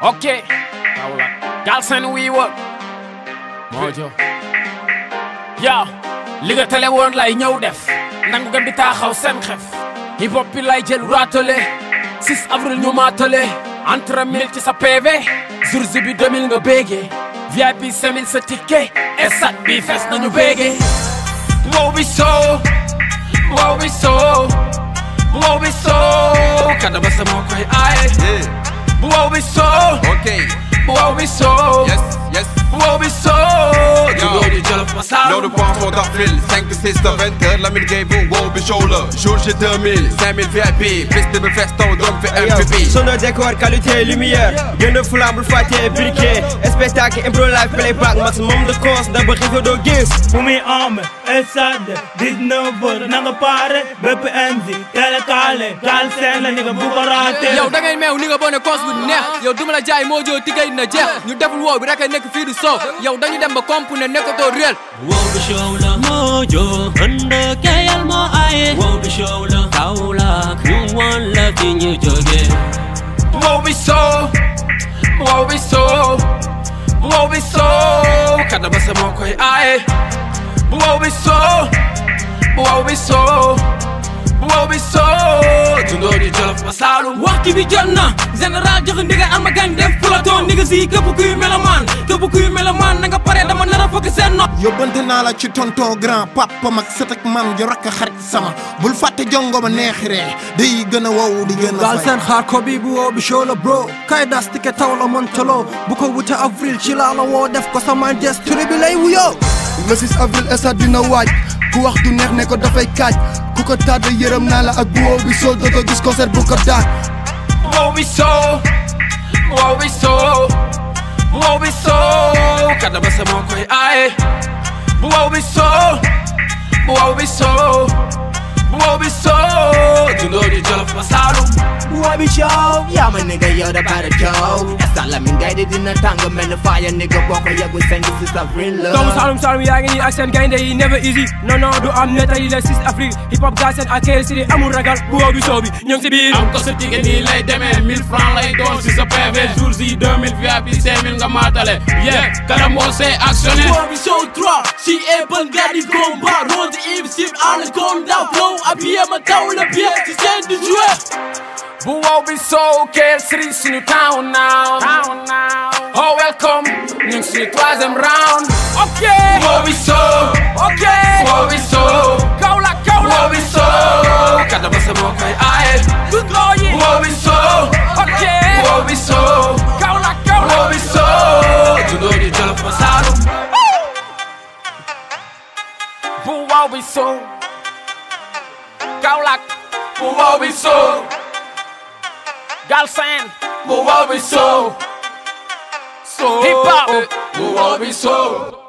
ok Galsen we work Mojo yow li nga tele woon lay ñëw def nangu ngeen di taaxaw seen xef hip hop bi lay jël raatale 6 avril ñu maatale entre mille ci sa PV jour ji bi 2000 nga béegee VIP 5000 sa ticket esat bi fees nañu béegee wow bi soo wow bi soo wow bi soo kadaba sa moo koy Whoa, we sold. Okay. Whoa, we sold. Yes, yes. Whoa, we sold. le point sur Darfil 5, 6, 20, la 1000 game boom, wow, shoulder Jour j'ai 2000, 5000 VIP, piste de festo, donc fait MVP Sonne décor, qualité, lumière, y'a flamme, fatigue, briquet Spectacle, impro, live, playback, maximum de course, d'abord réseau de gifs Pour mes hommes, SAD, 19 heures, n'a pas paré, BPMZ, Telekale, Kalsen, la nigga, vous raté Yow da meew ni nga bone bu neex yow duma jaay moo joo tigay na jeex ñu deful woo bi rek nekk fii soow yow dañu dem ba komp bi show la mojo Honda Kayal moo aye wow bi show la Kaolack ñu woon la fi ñu jóge wow bi show wow bi show wow bi show kada ba sa moo koy aye wow bi show wow bi show góor di jolof ba saalum waxtu bi jot na général joxe ndigal ama gañ def peloton ndigal si képp kuy melomaan képp kuy melomaan na nga pare dama nar a fokk seen nopp yóbbante naa la ci tonton grand papa mag set ak maam jo rakk xarit sama bul fàtte jongo ma neexiree day gën a wow di gën a baal seen bi bu woo bi show la bro kay das tike taw la montaloo bu ko wute avril ci laa la woo def ko sama gestu bi lay wuyoo le 6 avril stade dina waaj ku wax du neex ne ko dafay kaaj ku ko yërëm naa la ak bu wow bi soo gis concert bu ko daan wow bi soo wow bi soo wow koy aaye bu wow bi soo Boobi soo jundoori Jolof ma Saalum Boobi coow yaa ma nigga a da baara coow sala mi ngay di dina tàng mel ni faaya nigga boo ko yeggu sengi si sa vril la doomu Saalum Saalum yaa ngi nii ak seen gaynde yi never easy non non du am nettali le 6 hip hop gaa seen ak KLC amul ragal Boobi soo bi ñoo ngi si biir am ko sa lay demee 1000 francs lay doon si sa PV jour si 2000 VIP 5000 nga maatale yeah kanam moo say actionné Boobi soo 3 si Apple gadi combat ronde Yves Sip Arle Kolda Flow ñëw appuyé ma taw la pied ci seen di joué. bu wow bi soow kër Serigne suñu town now. oh welcome ñu ngi suñu troisième round. ok wow bi soow. ok wow bi soow. kaw la kaw la wow bi soow. kàddu ba sa moo koy aaye. du góor yi wow bi soow. ok wow bi soow. kaw la kaw la wow bi soow. juddoo di Jolof ba Saalum. bu wow bi soow. Kaolack mu wow bi soow Galsen mu wow mu wow bi soow